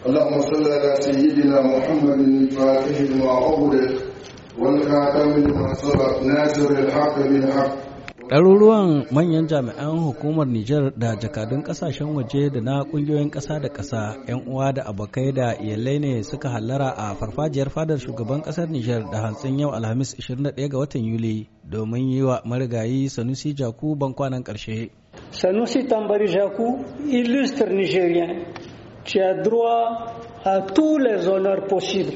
اللهم صل على سيدنا محمد الفاتح لما والخاتم لما سبق ناصر الحق بالحق ɗaruruwan manyan jami'an hukumar Nijar da jakadun ƙasashen waje da na ƙungiyoyin ƙasa da ƙasa 'yan uwa da abokai da iyalai ne suka hallara a farfajiyar fadar shugaban ƙasar Nijar da hantsin yau Alhamis 21 ga watan Yuli domin yi wa marigayi Sanusi Jaku bankwanan ƙarshe. Sanusi Tambari Jaku, illustre Nijeriya. qui a droit à tous les honneurs possibles.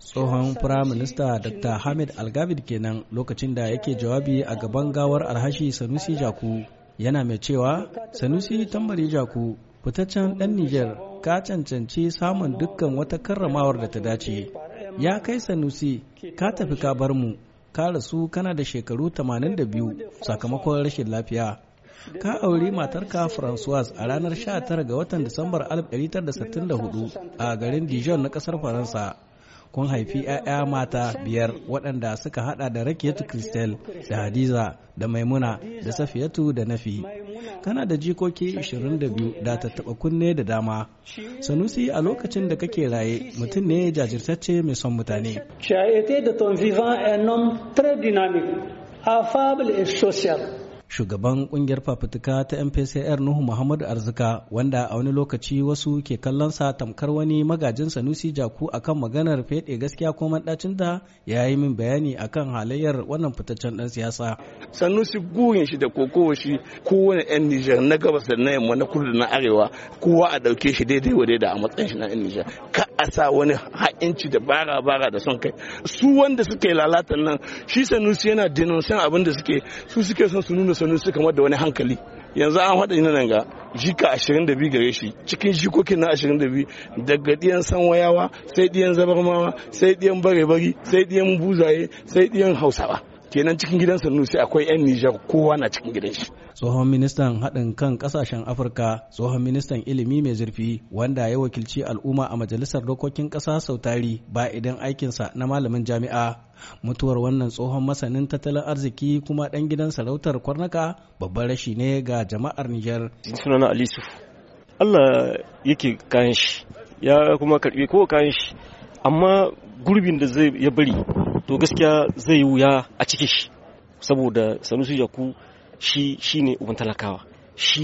Tsohon Firaminista Dr. Hamid Algabid kenan lokacin da yake jawabi a gaban gawar alhashi Sanusi Jaku yana mai cewa Sanusi tambari Jaku fitaccen ɗan Nijar ka cancanci samun dukkan wata karramawar da ta dace. Ya kai Sanusi ka tafi ka bar mu ka rasu kana da shekaru 82 sakamakon rashin lafiya. ka auri matarka francois a ranar 19 ga watan Disambar 1964 a garin Dijon na kasar Faransa. Kun haifi 'ya'ya mata biyar waɗanda suka hada da Rakiyatu Christel da Hadiza da Maimuna da Safiyatu da Nafi. Kana da jikoki 22 da tattaɓa kunne da dama. Sanusi a lokacin da kake raye mutum ne jajirtacce mai son mutane. Tu de ton vivant un homme très dynamique, affable social. shugaban kungiyar fafutuka ta mpcr nuhu muhammadu arzika wanda a wani lokaci wasu ke kallon sa tamkar wani magajin sanusi jaku akan maganar fede gaskiya ko mandacinta ya yi min bayani akan halayyar wannan fitaccen dan siyasa sanusi guyin shi da kokowa shi kowane yan nijar na gabas da na yamma na kudu na arewa kowa a ɗauke shi daidai wa daidai a matsayin shi na yan nijar a sa wani ha'inci da bara bara da son kai su wanda suka yi lalatan nan shi sanusi yana san abin da suke su suke son su nuna sanusi kamar da wani hankali yanzu an haɗa na nan ga jika 22 gare shi cikin jikokin na 22 daga ɗiyan sanwayawa sai ɗiyan zabarmawa sai ɗiyan bare-bari sai ɗiyan buzaye sai ɗiyan hausawa kenan cikin gidan sai akwai 'yan nijar kowa na cikin gidan shi tsohon ministan haɗin kan ƙasashen afirka tsohon ministan ilimi mai zurfi wanda ya wakilci al'umma a majalisar dokokin ƙasa sau tari ba idan aikinsa na malamin jami'a mutuwar wannan tsohon masanin tattalin arziki kuma ɗan gidan sarautar kwarnaka babbar rashi ne ga jama'ar nijar sunana alisu allah yake kayan shi ya kuma karɓi ko kayan shi amma gurbin da zai ya bari to gaskiya zai yi wuya a ciki shi saboda sanusi yaku shi shine uban talakawa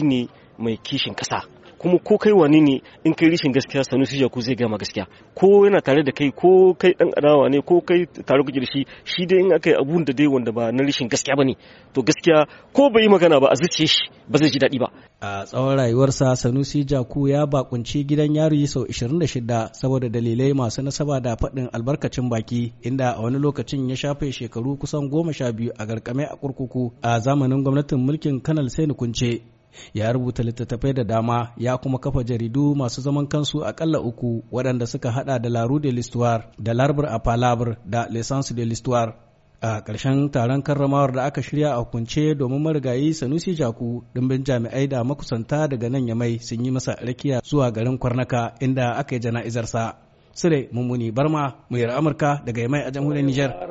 ne mai kishin ƙasa kuma ko kai wani ne in kai rishin gaskiya sanusi ku zai gama gaskiya ko yana tare da kai ko kai dan adawa ne ko kai tare kuke da shi shi dai in aka yi abun da dai wanda ba na rishin gaskiya bane to gaskiya ko bai yi magana ba a zuciye shi ba zai ji daɗi ba a tsawon rayuwarsa sanusi jaku ya bakunci gidan yari sau 26 saboda dalilai masu nasaba da faɗin albarkacin baki inda a wani lokacin ya shafe shekaru kusan goma sha biyu a garkame a kurkuku a zamanin gwamnatin mulkin kanal sai kunce ya rubuta littattafai da dama ya kuma kafa jaridu masu zaman kansu akalla uku waɗanda suka hada da laru de l'histoire da larbur a palabur da l'essence de l'histoire a ƙarshen taron karramawar da aka shirya a kunce domin marigayi sanusi jaku ɗimbin jami'ai da makusanta daga nan yamai sun yi masa rakiya zuwa garin kwarnaka inda aka yi jana'izarsa sire mummuni barma muyar amurka daga yamai a jamhuriyar niger